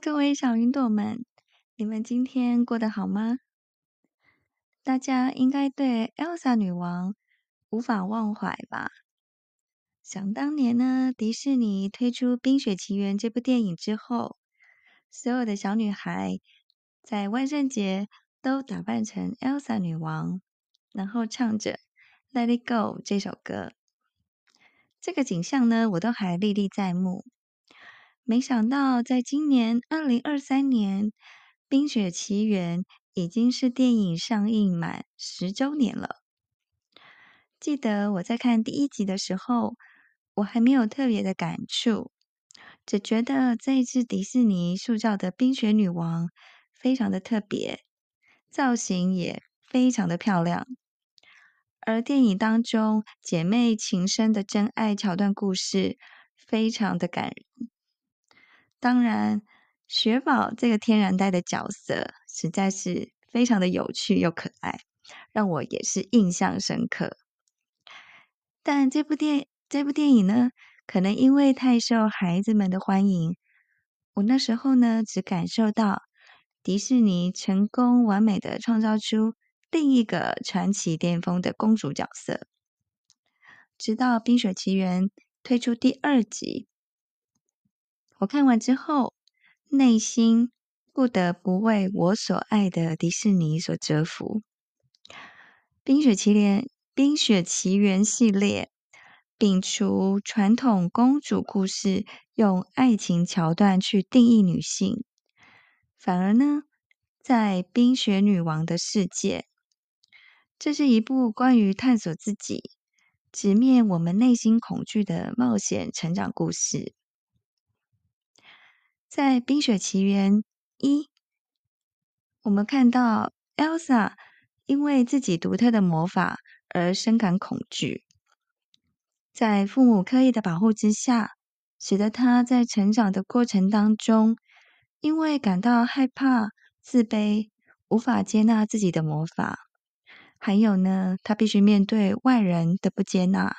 各位小雲朵們，你們今天過得好嗎？大家應該對 Elsa 女王無法忘懷吧？想當年呢，迪士尼推出《冰雪奇緣》這部電影之後，所有的小女孩在萬聖節都打扮成 Elsa 女王，然後唱着《Let It Go》這首歌。這個景象呢，我都還歷歷在目。沒想到，在今年二零二三年，《冰雪奇緣》已經是電影上映滿十周年了。記得我在看第一集的時候，我還沒有特別的感觸，只覺得這一次迪士尼塑造的冰雪女王非常的特別，造型也非常的漂亮。而電影當中姐妹情深的真愛橋段故事，非常的感人。當然，雪寶這個天然呆的角色實在是非常的有趣又可愛，讓我也是印象深刻。但這部電這部電影呢，可能因為太受孩子們的歡迎，我那時候呢只感受到迪士尼成功完美地創造出另一個傳奇巔峰的公主角色。直到《冰雪奇緣》推出第二集。我看完之後，內心不得不為我所愛的迪士尼所折服。《冰雪奇緣》《冰雪奇緣》系列摒除傳統公主故事，用愛情橋段去定義女性，反而呢，在《冰雪女王》的世界，這是一部關於探索自己、直面我們內心恐懼的冒險成長故事。在《冰雪奇緣》一，我們看到 Elsa 因為自己獨特的魔法而深感恐懼，在父母刻意的保護之下，使得她在成長的過程當中，因為感到害怕、自卑，無法接納自己的魔法。還有呢，她必須面對外人的不接納，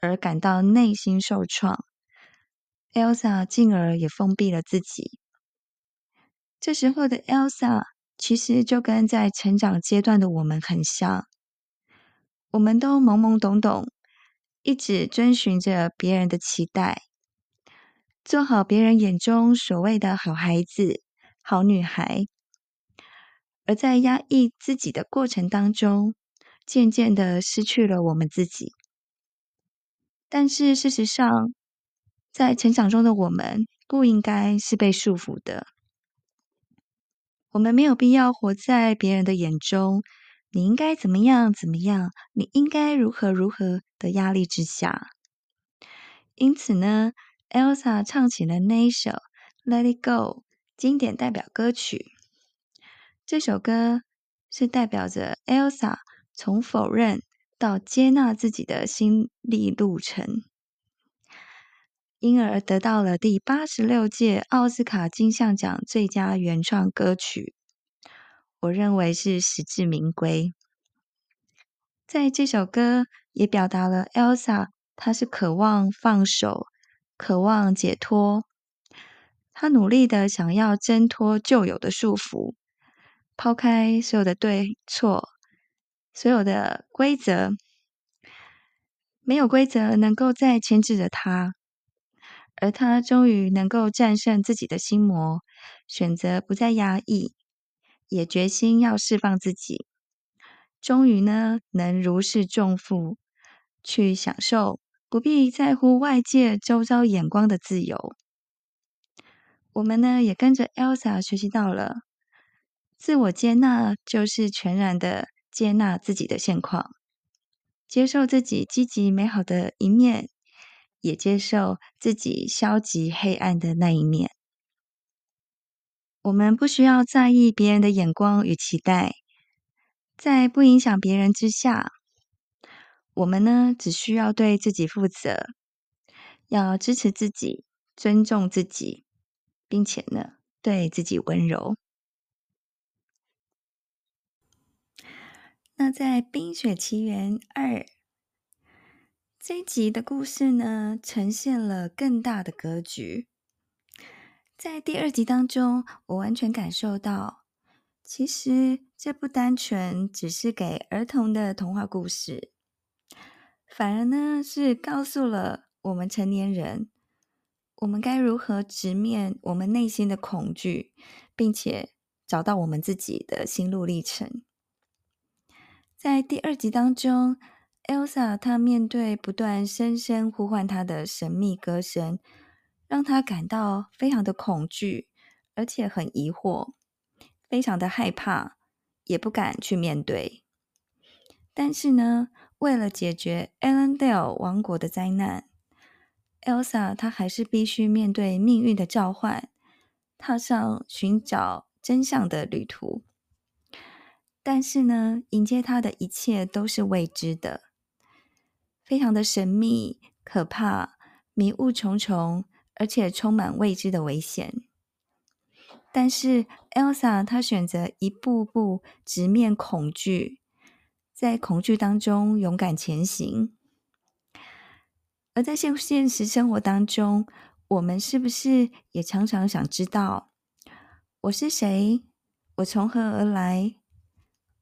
而感到內心受創。Elsa 進而也封閉了自己。這時候的 Elsa 其實就跟在成長階段的我們很像，我們都懵懵懂懂，一直遵循着別人的期待，做好別人眼中所謂的好孩子、好女孩。而在壓抑自己的過程當中，漸漸的失去了我們自己。但是事實上，在成長中的我們，不應該是被束縛的。我們沒有必要活在別人的眼中，你應該怎麼樣怎麼樣，你應該如何如何的壓力之下。因此呢，Elsa 唱起了那一首《Let It Go》經典代表歌曲。這首歌是代表着 Elsa 從否認到接納自己的心歷路程。因而得到了第八十六屆奧斯卡金像獎最佳原創歌曲，我認為是實至名歸。在這首歌也表達了 Elsa，她是渴望放手，渴望解脫，她努力的想要掙脫舊有的束縛，拋開所有的對錯，所有的規則，沒有規則能夠再牽制着她。而他終於能夠戰勝自己的心魔，選擇不再壓抑，也決心要釋放自己。終於呢，能如釋重負，去享受不必在乎外界周遭眼光的自由。我們呢，也跟着 Elsa 學習到了，自我接納就是全然的接納自己的現況，接受自己積極美好的一面。也接受自己消極、黑暗的那一面。我們不需要在意別人的眼光與期待，在不影響別人之下，我們呢，只需要對自己負責，要支持自己，尊重自己，並且呢，對自己溫柔。那在《冰雪奇緣二》。這一集的故事呢，呈現了更大的格局。在第二集當中，我完全感受到，其實這不單純只是給兒童的童話故事，反而呢，是告訴了我們成年人，我們該如何直面我們內心的恐懼，並且找到我們自己的心路歷程。在第二集當中。Elsa，她面對不斷深深呼喚她的神秘歌聲，讓她感到非常的恐懼，而且很疑惑，非常的害怕，也不敢去面對。但是呢，為了解決 Arendelle 王國的災難，Elsa 她還是必須面對命運的召喚，踏上尋找真相的旅途。但是呢，迎接她的一切都是未知的。非常的神祕、可怕、迷霧重重，而且充滿未知的危險。但是，Elsa 她選擇一步步直面恐懼，在恐懼當中勇敢前行。而在現現實生活當中，我們是不是也常常想知道：我是誰？我從何而來？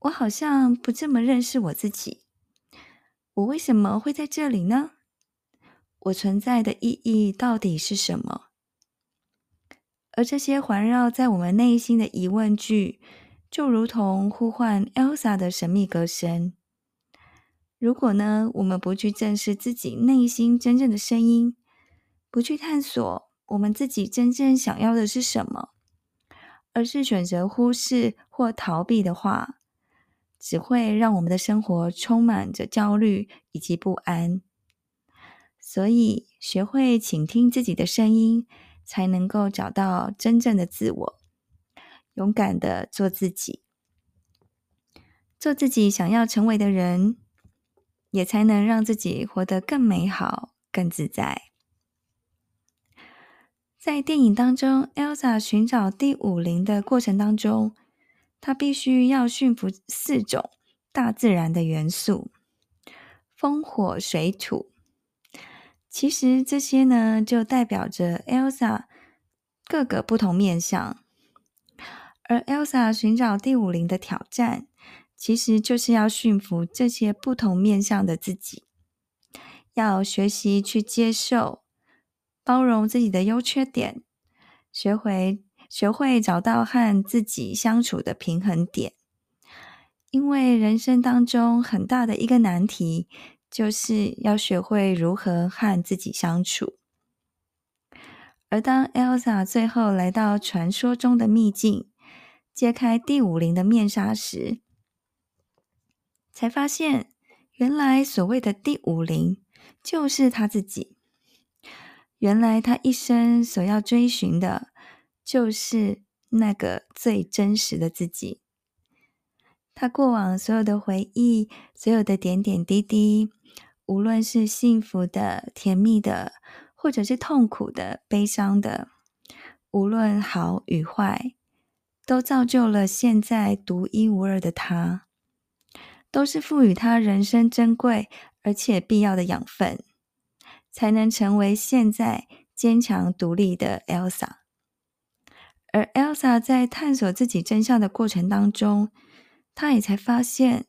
我好像不這麼認識我自己。我為什麼會在這裡呢？我存在的意義到底是什麼？而這些環繞在我們內心的疑問句，就如同呼喚 Elsa 的神秘歌聲。如果呢，我們不去正視自己內心真正的聲音，不去探索我們自己真正想要的是什麼，而是選擇忽視或逃避的話，只會讓我們的生活充滿着焦慮以及不安，所以學會傾聽自己的聲音，才能夠找到真正的自我，勇敢的做自己，做自己想要成為的人，也才能讓自己活得更美好、更自在。在電影當中，Elsa 尋找第五靈的過程當中。他必須要馴服四種大自然的元素：風、火、水、土。其實這些呢，就代表着 Elsa 各個不同面向，而 Elsa 尋找第五靈的挑戰，其實就是要馴服這些不同面向的自己，要學習去接受、包容自己的優缺點，學會。學會找到和自己相處的平衡點，因為人生當中很大的一個難題，就是要學會如何和自己相處。而當 Elsa 最後來到傳說中的秘境，揭開第五靈的面紗時，才發現，原來所謂的第五靈就是他自己。原來他一生所要追尋的。就是那個最真實的自己。他過往所有的回憶，所有的點點滴滴，無論是幸福的、甜蜜的，或者是痛苦的、悲傷的，無論好與壞，都造就了現在獨一無二的他，都是賦予他人生珍貴而且必要的養分，才能成為現在堅強獨立的 Elsa。而 Elsa 在探索自己真相的過程當中，她也才發現，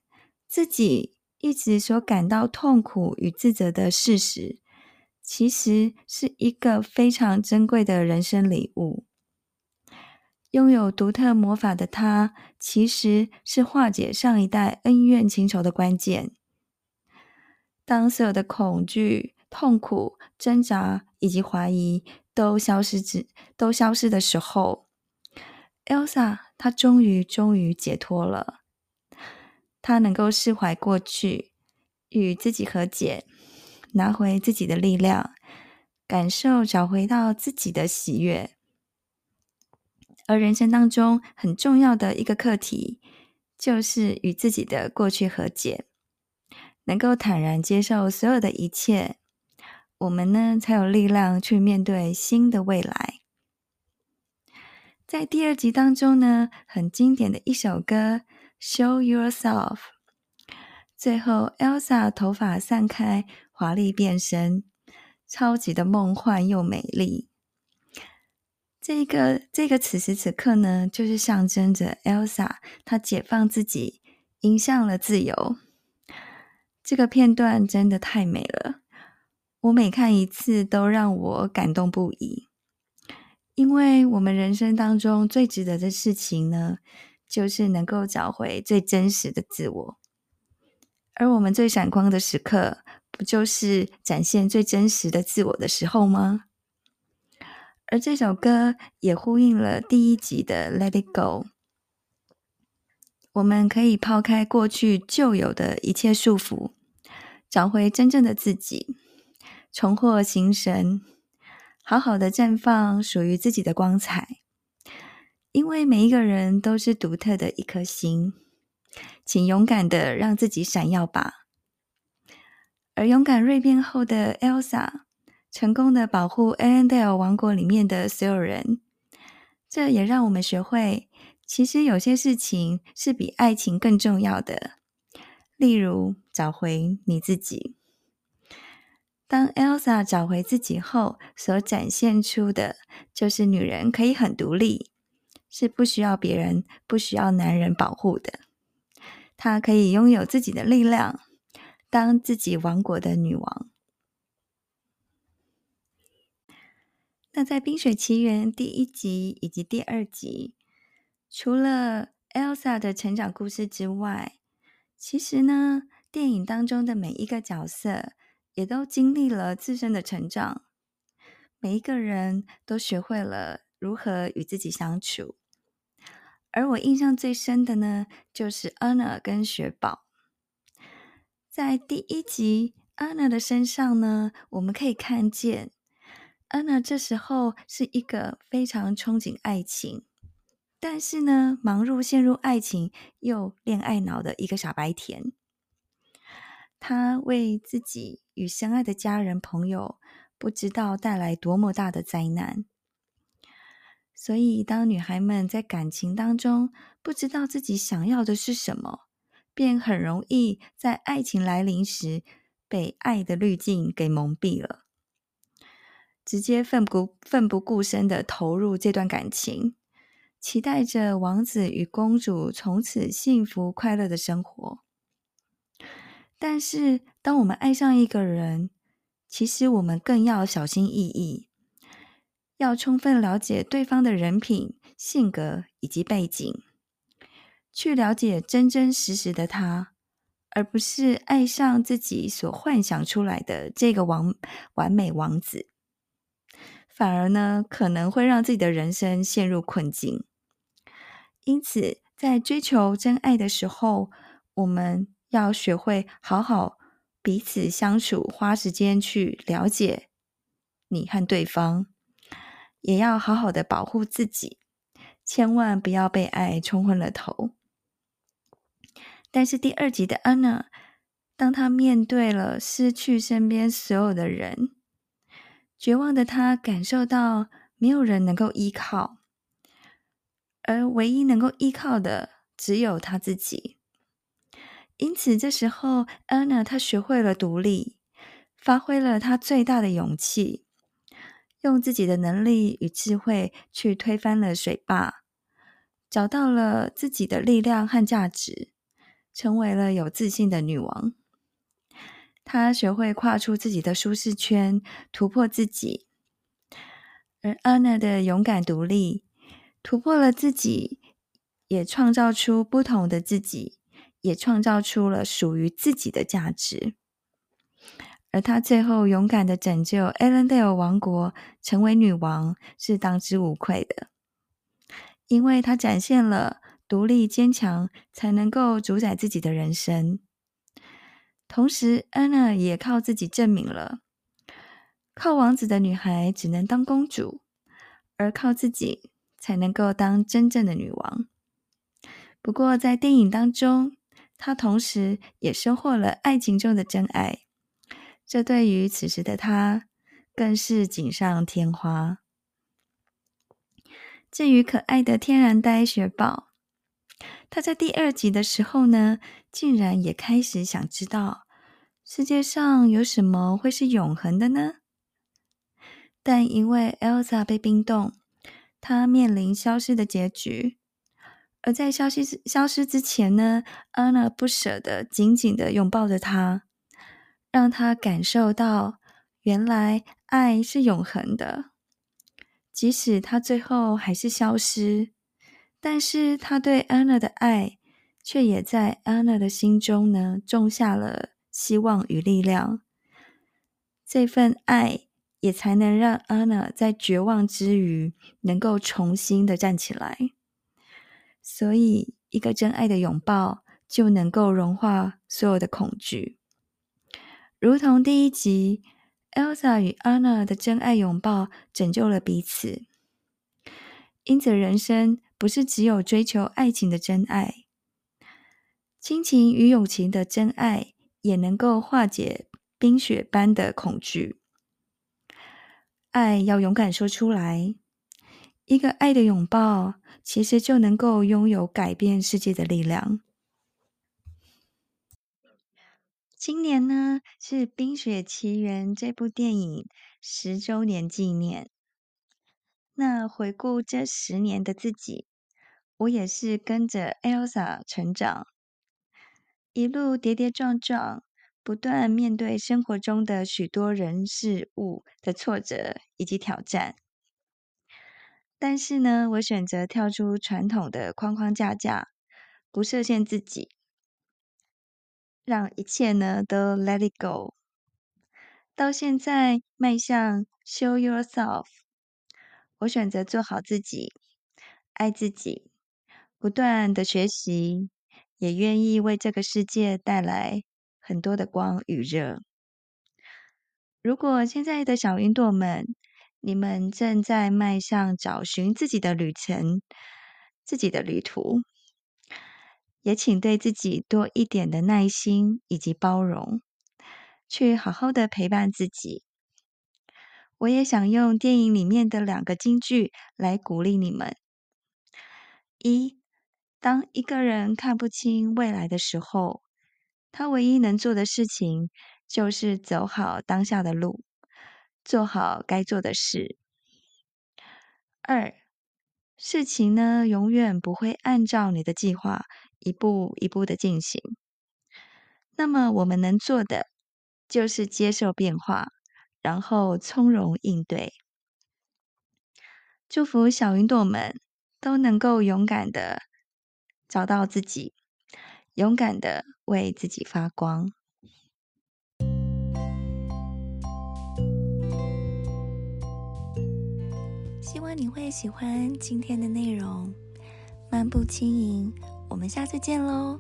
自己一直所感到痛苦與自責的事實，其實是一個非常珍貴的人生禮物。擁有獨特魔法的她，其實是化解上一代恩怨情仇的關鍵。當所有的恐懼、痛苦、掙扎以及懷疑都消失之都消失的時候，Elsa，她終於終於解脫了，她能夠釋懷過去，與自己和解，拿回自己的力量，感受找回到自己的喜悅。而人生當中很重要的一個課題，就是與自己的過去和解，能夠坦然接受所有的一切，我們呢才有力量去面對新的未來。在第二集當中呢，很經典的一首歌《Show Yourself》，最後 Elsa 頭髮散開，華麗變身，超級的夢幻又美麗。這個這個此時此刻呢，就是象徵着 Elsa 她解放自己，迎向了自由。這個片段真的太美了，我每看一次都讓我感動不已。因為我們人生當中最值得的事情呢，就是能夠找回最真實的自我，而我們最閃光的時刻，不就是展現最真實的自我的時候嗎？而這首歌也呼應了第一集的《Let It Go》，我們可以拋開過去舊有的一切束縛，找回真正的自己，重獲新生。好好的綻放屬於自己的光彩，因為每一個人都是獨特的一顆星，請勇敢的讓自己閃耀吧。而勇敢蛻變後的 Elsa，成功的保護 Arendelle 王國裡面的所有人，這也讓我們學會，其實有些事情是比愛情更重要的，例如找回你自己。當 Elsa 找回自己後，所展現出的就是女人可以很獨立，是不需要別人、不需要男人保護的。她可以擁有自己的力量，當自己王國的女王。那在《冰雪奇緣》第一集以及第二集，除了 Elsa 的成長故事之外，其實呢，電影當中的每一個角色，也都經歷了自身的成長，每一個人都學會了如何與自己相處。而我印象最深的呢，就是 Anna 跟雪寶。在第一集，Anna 的身上呢，我們可以看見 Anna 這時候是一個非常憧憬愛情，但是呢，忙碌陷入愛情又戀愛腦的一個傻白甜。他為自己，與相愛的家人朋友，不知道帶來多麼大的災難。所以，當女孩們在感情當中不知道自己想要的是什麼，便很容易在愛情來臨時被愛的濾鏡給蒙蔽了，直接奮不奮不顧身的投入這段感情，期待着王子與公主從此幸福快樂的生活。但是，當我們愛上一個人，其實我們更要小心翼翼，要充分了解對方的人品、性格以及背景，去了解真真實實的他，而不是愛上自己所幻想出來的這個王完美王子，反而呢，可能會讓自己的人生陷入困境。因此，在追求真愛的時候，我們。要學會好好彼此相處，花時間去了解你和對方，也要好好的保護自己，千萬不要被愛沖昏了頭。但是第二集的 Anna，當他面對了失去身邊所有的人，絕望的他感受到沒有人能夠依靠，而唯一能夠依靠的只有他自己。因此，這時候，安娜她學會了獨立，發揮了她最大的勇氣，用自己的能力與智慧去推翻了水壩，找到了自己的力量和價值，成為了有自信的女王。她學會跨出自己的舒適圈，突破自己。而安娜的勇敢獨立，突破了自己，也創造出不同的自己。也創造出了屬於自己的價值，而她最後勇敢地拯救艾倫戴爾王國，成為女王是當之無愧的，因為她展現了獨立堅強，才能夠主宰自己的人生。同時，安娜也靠自己證明了，靠王子的女孩只能當公主，而靠自己才能夠當真正的女王。不過，在電影當中，他同時也收穫了愛情中的真愛，這對於此時的他更是錦上添花。至於可愛的天然呆雪寶，他在第二集的時候呢，竟然也開始想知道世界上有什麼會是永恆的呢？但因為 Elsa 被冰凍，他面臨消失的結局。而在消失消失之前呢，安娜不捨得緊緊的擁抱着他，讓他感受到原來愛是永恆的。即使他最後還是消失，但是他對安娜的愛，卻也在安娜的心中呢種下了希望與力量。這份愛也才能讓安娜在絕望之餘，能夠重新的站起來。所以，一個真愛的擁抱就能夠融化所有的恐懼，如同第一集 Elsa 與 Anna 的真愛擁抱拯救了彼此。因此，人生不是只有追求愛情的真愛，親情與友情的真愛也能夠化解冰雪般的恐懼。愛要勇敢說出來。一個愛的擁抱，其實就能夠擁有改變世界的力量。今年呢，是《冰雪奇緣》這部電影十周年紀念。那回顧這十年的自己，我也是跟着 Elsa 成長，一路跌跌撞撞，不斷面對生活中的許多人事物的挫折以及挑戰。但是呢，我選擇跳出傳統的框框架架，不設限自己，讓一切呢都 Let it go。到現在邁向 Show yourself，我選擇做好自己，愛自己，不斷的學習，也願意為這個世界帶來很多的光與熱。如果現在的小雲朵們，你們正在邁上找尋自己的旅程，自己的旅途，也請對自己多一點的耐心以及包容，去好好的陪伴自己。我也想用電影裡面的兩個金句來鼓勵你們：一，當一個人看不清未來的時候，他唯一能做的事情就是走好當下的路。做好該做的事。二，事情呢永遠不會按照你的計劃一步一步的進行。那麼我們能做的就是接受變化，然後從容應對。祝福小雲朵們都能夠勇敢的找到自己，勇敢的為自己發光。希望你會喜歡今天的內容，漫步輕盈，我們下次見嘍。